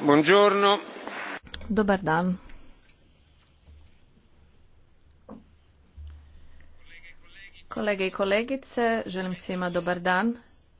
Buongiorno. Dobar dan. Kolege i kolegice, želim svima dobar dan.